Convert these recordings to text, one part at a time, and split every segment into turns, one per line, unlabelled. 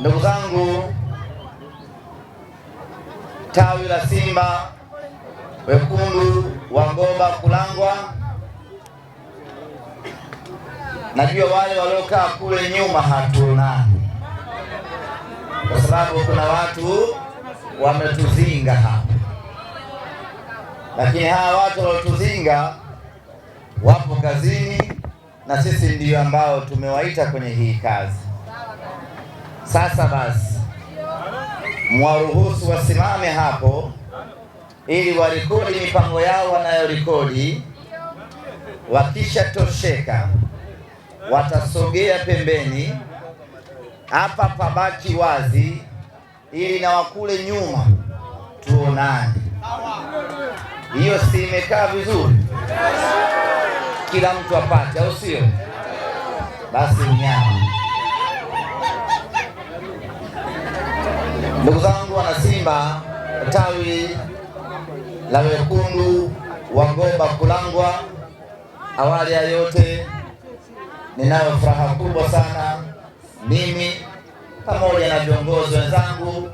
Ndugu zangu tawi la Simba wekundu wa Ngoba Kulangwa, najua wale waliokaa kule nyuma hatuonani, kwa sababu kuna watu wametuzinga hapa, lakini hawa watu waliotuzinga wapo kazini na sisi ndio ambao tumewaita kwenye hii kazi. Sasa basi mwaruhusu wasimame hapo ili warekodi mipango yao wanayorekodi. Wakishatosheka watasogea pembeni, hapa pabaki wazi ili na wakule nyuma tuonane. Hiyo si imekaa vizuri? Kila mtu apate, au sio? Basi nyama Ndugu zangu wanasimba, tawi la wekundu wa Goba Kulangwa, awali ya yote, ninayo furaha kubwa sana mimi pamoja na viongozi wenzangu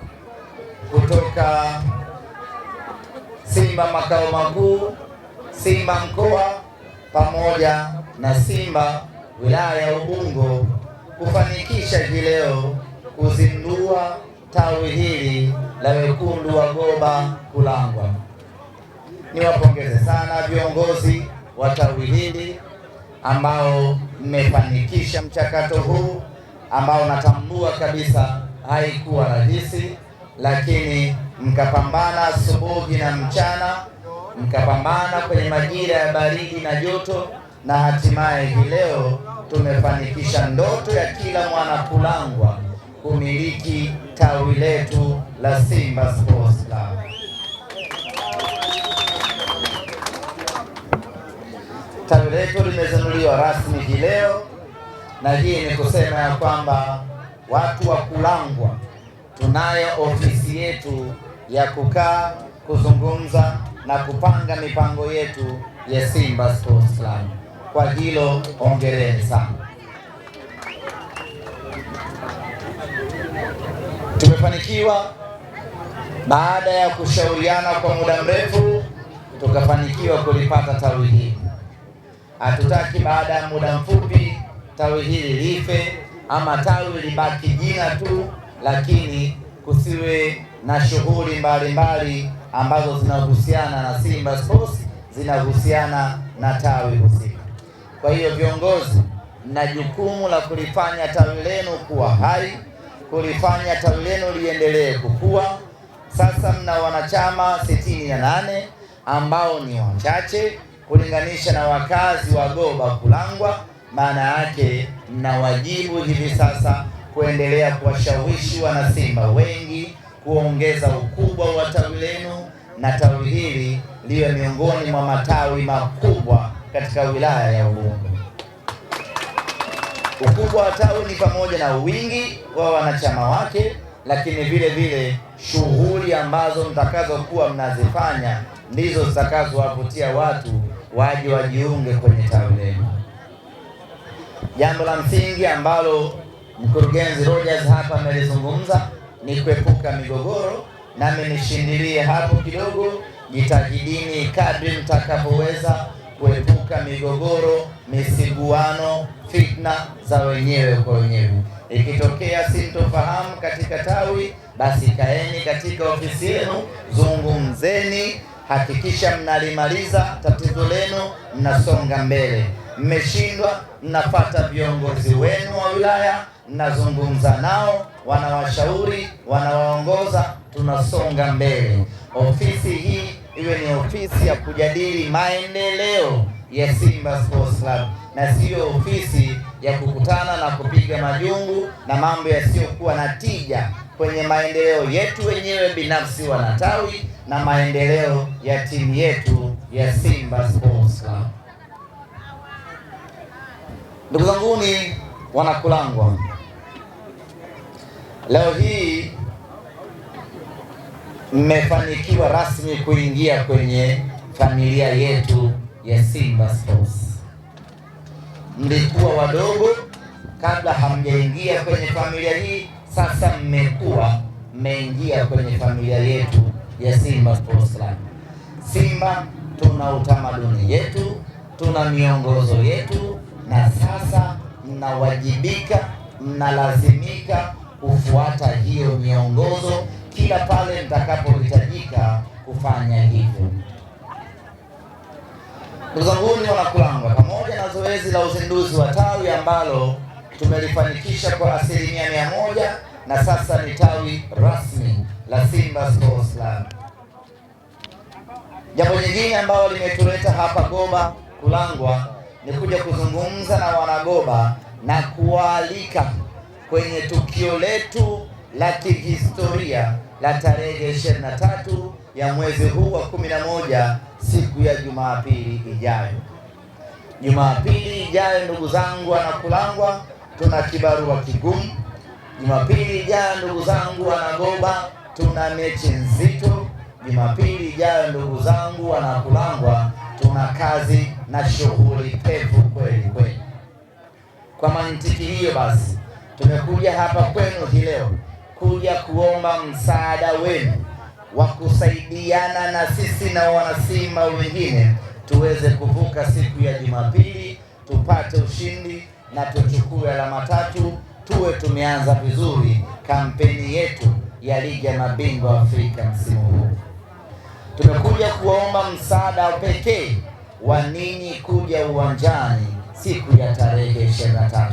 kutoka Simba makao makuu, Simba mkoa pamoja na Simba wilaya ya Ubungo kufanikisha hivi leo kuzindua tawi hili la wekundu wa Goba Kulangwa. Niwapongeze sana viongozi wa tawi hili ambao mmefanikisha mchakato huu ambao natambua kabisa haikuwa rahisi, lakini mkapambana asubuhi na mchana, mkapambana kwenye majira ya baridi na joto, na hatimaye hii leo tumefanikisha ndoto ya kila mwana Kulangwa kumiliki tawi letu la Simba Sports Club. Tawi letu limezinduliwa rasmi hii leo, na hii ni kusema ya kwamba watu wa Kulangwa tunayo ofisi yetu ya kukaa, kuzungumza na kupanga mipango yetu ya Simba Sports Club. Kwa hilo hongereni sana. tukafanikiwa baada ya kushauriana kwa muda mrefu, tukafanikiwa kulipata tawi hili. Hatutaki baada ya muda mfupi tawi hili life ama tawi libaki jina tu, lakini kusiwe na shughuli mbalimbali ambazo zinahusiana na Simba Sports, zinahusiana na tawi husika. Kwa hiyo viongozi, mna jukumu la kulifanya tawi lenu kuwa hai kulifanya tawi lenu liendelee kukua. Sasa mna wanachama sitini na nane ambao ni wachache kulinganisha na wakazi wa Goba Kulangwa. Maana yake mna wajibu hivi sasa kuendelea kuwashawishi wanasimba wengi kuongeza ukubwa wa tawi lenu na tawi hili liwe miongoni mwa matawi makubwa katika wilaya ya Ubungo. Ukubwa wa tawi ni pamoja na wingi wa wanachama wake, lakini vile vile shughuli ambazo mtakazokuwa mnazifanya ndizo zitakazowavutia watu waje wajiunge kwenye tawi lenu. Jambo la msingi ambalo mkurugenzi Rogers hapa amelizungumza ni kuepuka migogoro, nami nishindilie hapo kidogo. Jitahidini kadri mtakavyoweza kuepuka migogoro, misiguano, fitna za wenyewe kwa wenyewe. Ikitokea sintofahamu katika tawi, basi kaeni katika ofisi yenu, zungumzeni, hakikisha mnalimaliza tatizo lenu, mnasonga mbele. Mmeshindwa, mnafata viongozi wenu wa wilaya, mnazungumza nao, wanawashauri, wanawaongoza, tunasonga mbele. Ofisi hii iwe ni ofisi ya kujadili maendeleo ya Simba Sports Club na siyo ofisi ya kukutana na kupiga majungu na mambo yasiyokuwa na tija kwenye maendeleo yetu wenyewe binafsi wanatawi na maendeleo ya timu yetu ya Simba Sports Club. Ndugu zangu ni wanakulangwa, leo hii mmefanikiwa rasmi kuingia kwenye familia yetu ya Simba Sports. Mlikuwa wadogo kabla hamjaingia kwenye familia hii, sasa mmekuwa mmeingia kwenye familia yetu ya Simba Sports Club. Simba tuna utamaduni yetu, tuna miongozo yetu, na sasa mnawajibika, mnalazimika kufuata hiyo miongozo kila pale mtakapohitajika kufanya hivyo. Uzanguni Wanakulangwa, pamoja na zoezi la uzinduzi wa tawi ambalo tumelifanikisha kwa asilimia mia moja na sasa ni tawi rasmi la Simba Sports Club. Jambo jingine ambalo limetuleta hapa Goba Kulangwa ni kuja kuzungumza na wanagoba na kuwaalika kwenye tukio letu la kihistoria la tarehe 23 ya mwezi huu wa 11 siku ya Jumapili ijayo. Jumapili ijayo, ndugu zangu, wanakulangwa, tuna kibarua kigumu. Jumapili ijayo, ndugu zangu, wanagoba, tuna mechi nzito. Jumapili ijayo, ndugu zangu, wanakulangwa, tuna kazi na shughuli pevu kweli kweli. Kwa mantiki hiyo basi, tumekuja hapa kwenu hii leo kuja kuomba msaada wenu wa kusaidiana na sisi na wanasimba wengine tuweze kuvuka siku ya Jumapili, tupate ushindi na tuchukue alama tatu, tuwe tumeanza vizuri kampeni yetu ya ligi ya mabingwa Afrika msimu huu. Tumekuja kuomba msaada pekee wa ninyi kuja uwanjani siku ya tarehe 23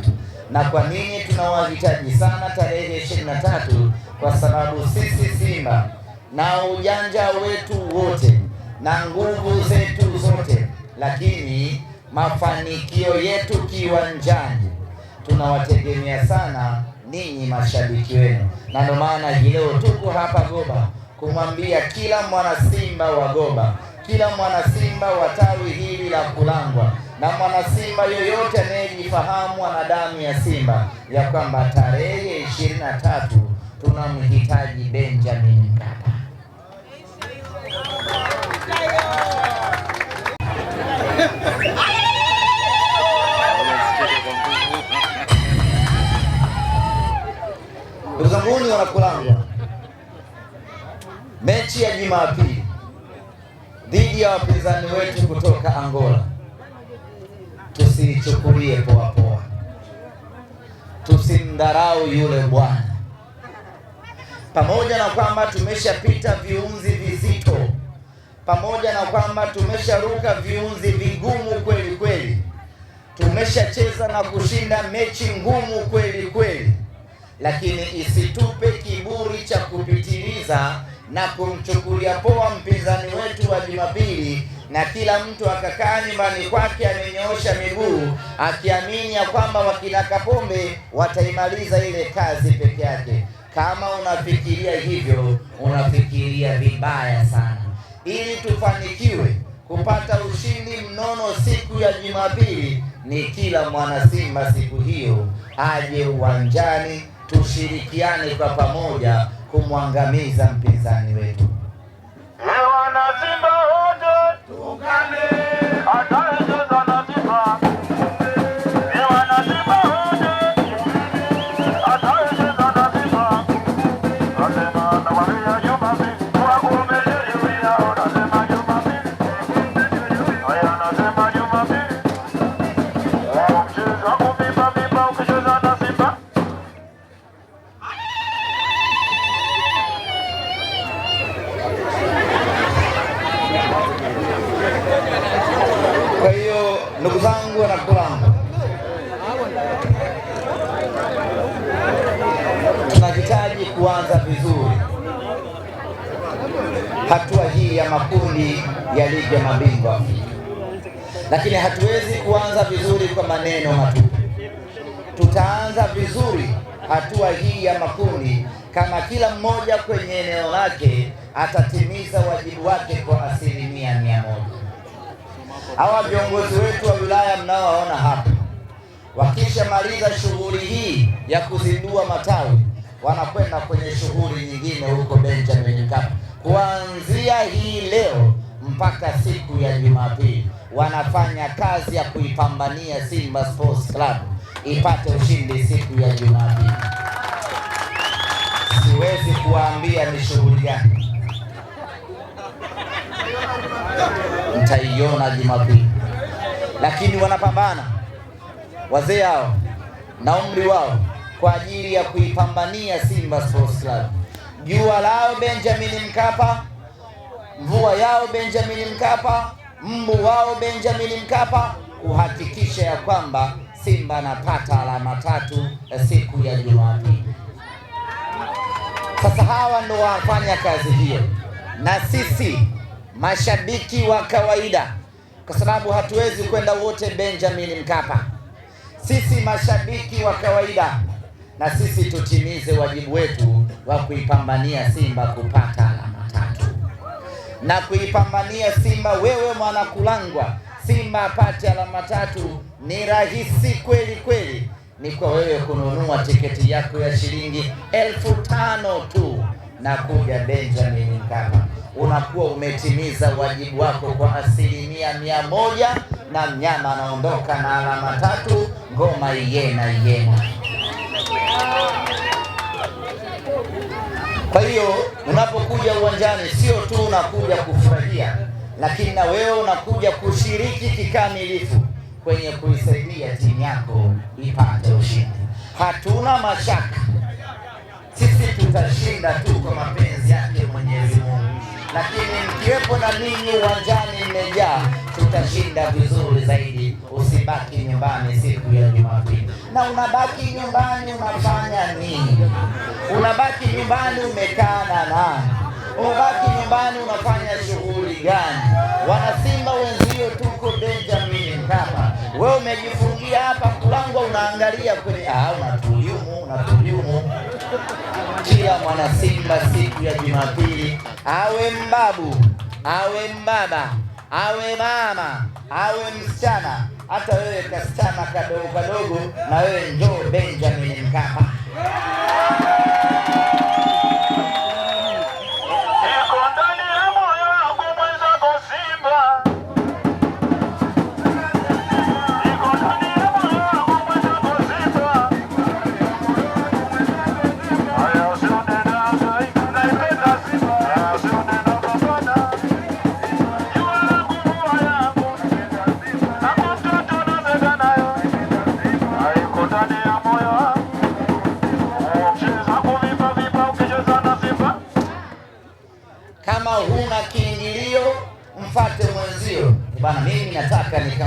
na kwa nini tunawahitaji sana tarehe ishirini na tatu? Kwa sababu sisi Simba na ujanja wetu wote na nguvu zetu zote, lakini mafanikio yetu kiwanjani tunawategemea sana ninyi mashabiki wenu, na ndio maana leo tuko hapa Goba kumwambia kila mwana Simba wa Goba, kila mwana Simba wa tawi hili la Kulangwa na mwanasimba yoyote anayejifahamu ana damu ya Simba ya kwamba tarehe ishirini na tatu tunamhitaji Benjamin Mkapa. Ndugu zanguni, wanakulangwa, mechi ya Jumapili dhidi ya wapinzani wetu kutoka Angola tusichukulie poa poa, tusimdharau yule Bwana, pamoja na kwamba tumeshapita viunzi vizito, pamoja na kwamba tumesharuka viunzi vigumu kweli kweli, tumeshacheza na kushinda mechi ngumu kweli kweli, lakini isitupe kiburi cha kupitiliza na kumchukulia poa mpinzani wetu wa Jumapili na kila mtu akakaa nyumbani kwake amenyoosha miguu akiamini ya kwamba wakina Kapombe wataimaliza ile kazi peke yake. Kama unafikiria hivyo, unafikiria vibaya sana. Ili tufanikiwe kupata ushindi mnono siku ya Jumapili, ni kila mwanasimba siku hiyo aje uwanjani, tushirikiane kwa pamoja kumwangamiza mpinzani wetu. lakini hatuwezi kuanza vizuri kwa maneno matupu. Tutaanza vizuri hatua hii ya makundi kama kila mmoja kwenye eneo lake atatimiza wajibu wake kwa asilimia mia moja. Hawa viongozi wetu wa wilaya mnaowaona hapa, wakishamaliza shughuli hii ya kuzindua matawi, wanakwenda kwenye shughuli nyingine huko Benjamin Mkapa kuanzia hii leo mpaka siku ya Jumapili wanafanya kazi ya kuipambania Simba Sports Club ipate ushindi siku ya Jumapili. Siwezi kuwaambia ni shughuli gani, mtaiona Jumapili, lakini wanapambana wazee hao na umri wao kwa ajili ya kuipambania Simba Sports Club. Jua lao Benjamin Mkapa, mvua yao Benjamin Mkapa mbu wao Benjamin Mkapa kuhakikisha ya kwamba Simba anapata alama tatu eh, siku ya Jumapili. Sasa hawa ndo wafanya kazi hiyo, na sisi mashabiki wa kawaida, kwa sababu hatuwezi kwenda wote Benjamin Mkapa. Sisi mashabiki wa kawaida, na sisi tutimize wajibu wetu wa kuipambania Simba kupata na kuipambania Simba. Wewe Mwanakulangwa, Simba apate alama tatu ni rahisi kweli kweli. Ni kwa wewe kununua tiketi yako ya shilingi elfu tano tu na kuja Benjamin Mkapa, unakuwa umetimiza wajibu wako kwa asilimia mia moja na mnyama anaondoka na alama tatu. Ngoma iye na iye. Kwa hiyo Unapokuja uwanjani, sio tu unakuja kufurahia, lakini na wewe unakuja kushiriki kikamilifu kwenye kuisaidia timu yako ipate ushindi. Hatuna mashaka sisi tutashinda tu kwa mapenzi yake Mwenyezi Mungu, lakini mkiwepo na ninyi uwanjani mmejaa, tutashinda vizuri zaidi usibaki nyumbani siku ya Jumapili. Na unabaki nyumbani unafanya nini? Unabaki nyumbani umekaa na nani? Unabaki nyumbani unafanya shughuli gani? Wanasimba wenzio, tuko Benjamin Mkapa, wewe umejifungia hapa kulangwa, unaangalia kwenye ah, unatuliumu unatuliumu kila mwanasimba siku ya Jumapili, awe mbabu awe mbaba awe mama awe msichana hata wewe kasichana kadogo kadogo, na wewe njoo Benjamin Mkapa.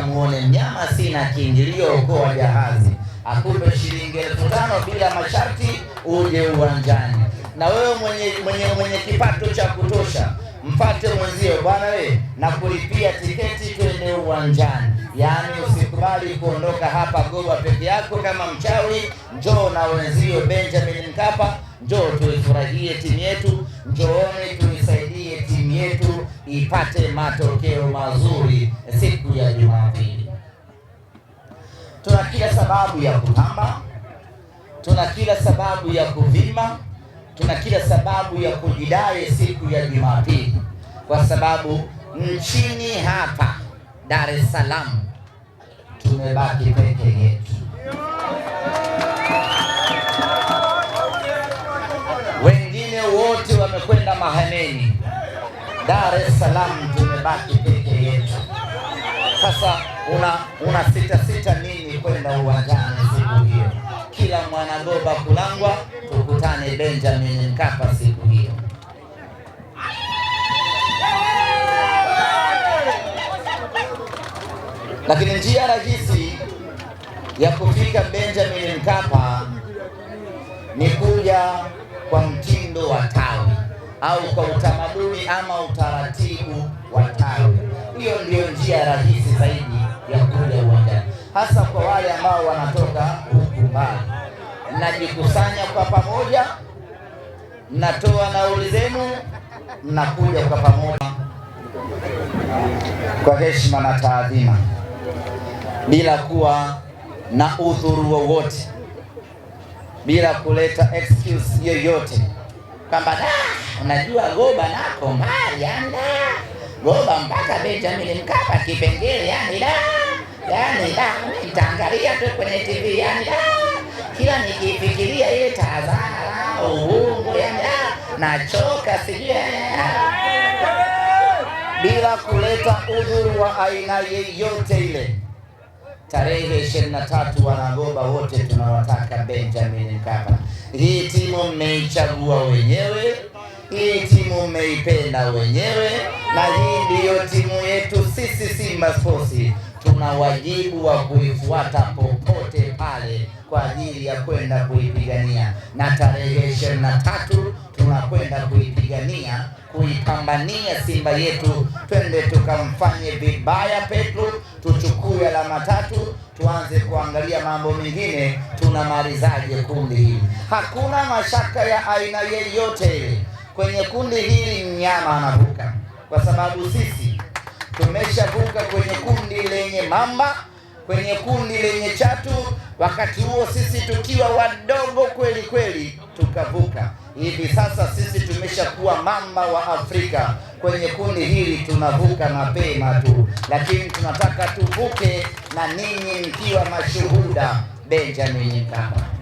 muone nyama sina kiingilio kwa jahazi, akupe shilingi elfu tano bila masharti, uje uwanjani na wewe mwenye mwenye mwenye kipato cha kutosha mpate mwenzio, bwana we na kulipia tiketi twende uwanjani. Yaani usikubali kuondoka hapa Goba peke yako kama mchawi. Njoo na wenzio Benjamin Mkapa, njoo tuifurahie timu yetu, njooni tuisaidie yetu ipate matokeo mazuri siku ya Jumapili. Tuna kila sababu ya kutamba, tuna kila sababu ya kuvima, tuna kila sababu ya kujidai siku ya Jumapili, kwa sababu nchini hapa Dar es Salaam tumebaki peke yetu. Wengine wote wamekwenda mahameni, Dar es Salaam tumebaki peke yetu. Sasa una, una sita sita nini kwenda uwanjani siku hiyo? Kila mwanagoba kulangwa, tukutane Benjamin Mkapa siku hiyo. Lakini njia rahisi ya kufika Benjamin Mkapa ni kuja au kwa utamaduni ama utaratibu wa tawi. Hiyo ndio njia rahisi zaidi ya kuja uwanjani, hasa kwa wale ambao wanatoka huku mbali. Mnajikusanya kwa pamoja, mnatoa nauli zenu, mnakuja kwa pamoja, kwa heshima na taadhima, bila kuwa na udhuru wowote, bila kuleta excuse yoyote kwamba da, unajua Goba nako mbali, yani da, Goba mpaka Benjamin Mkapa kipengele, yani da, yani da, nitaangalia tu kwenye TV, yani da, kila nikifikiria ile Tazara lao uungo, yani da, nachoka sijui eh, eh, eh. bila kuleta udhuru wa aina yeyote ile tarehe ishirini na tatu wanagoba wote tunawataka Benjamin Mkapa. Hii timu mmeichagua wenyewe, hii timu mmeipenda wenyewe, na hii ndiyo timu yetu sisi Simba Sports. Tuna wajibu wa kuifuata popote pale kwa ajili ya kwenda kuipigania, na tarehe ishirini na tatu tunakwenda kuipigania kuipambania Simba yetu, twende tukamfanye vibaya Petro tuchukue alama tatu, tuanze kuangalia mambo mengine, tunamalizaje kundi hili. Hakuna mashaka ya aina yeyote kwenye kundi hili, mnyama anavuka, kwa sababu sisi tumeshavuka kwenye kundi lenye mamba, kwenye kundi lenye chatu, wakati huo sisi tukiwa wadogo kweli kweli, tukavuka. Hivi sasa sisi tumeshakuwa mamba wa Afrika kwenye kundi hili tunavuka mapema tu, lakini tunataka tuvuke na ninyi mkiwa mashuhuda Benjamin Mkapa.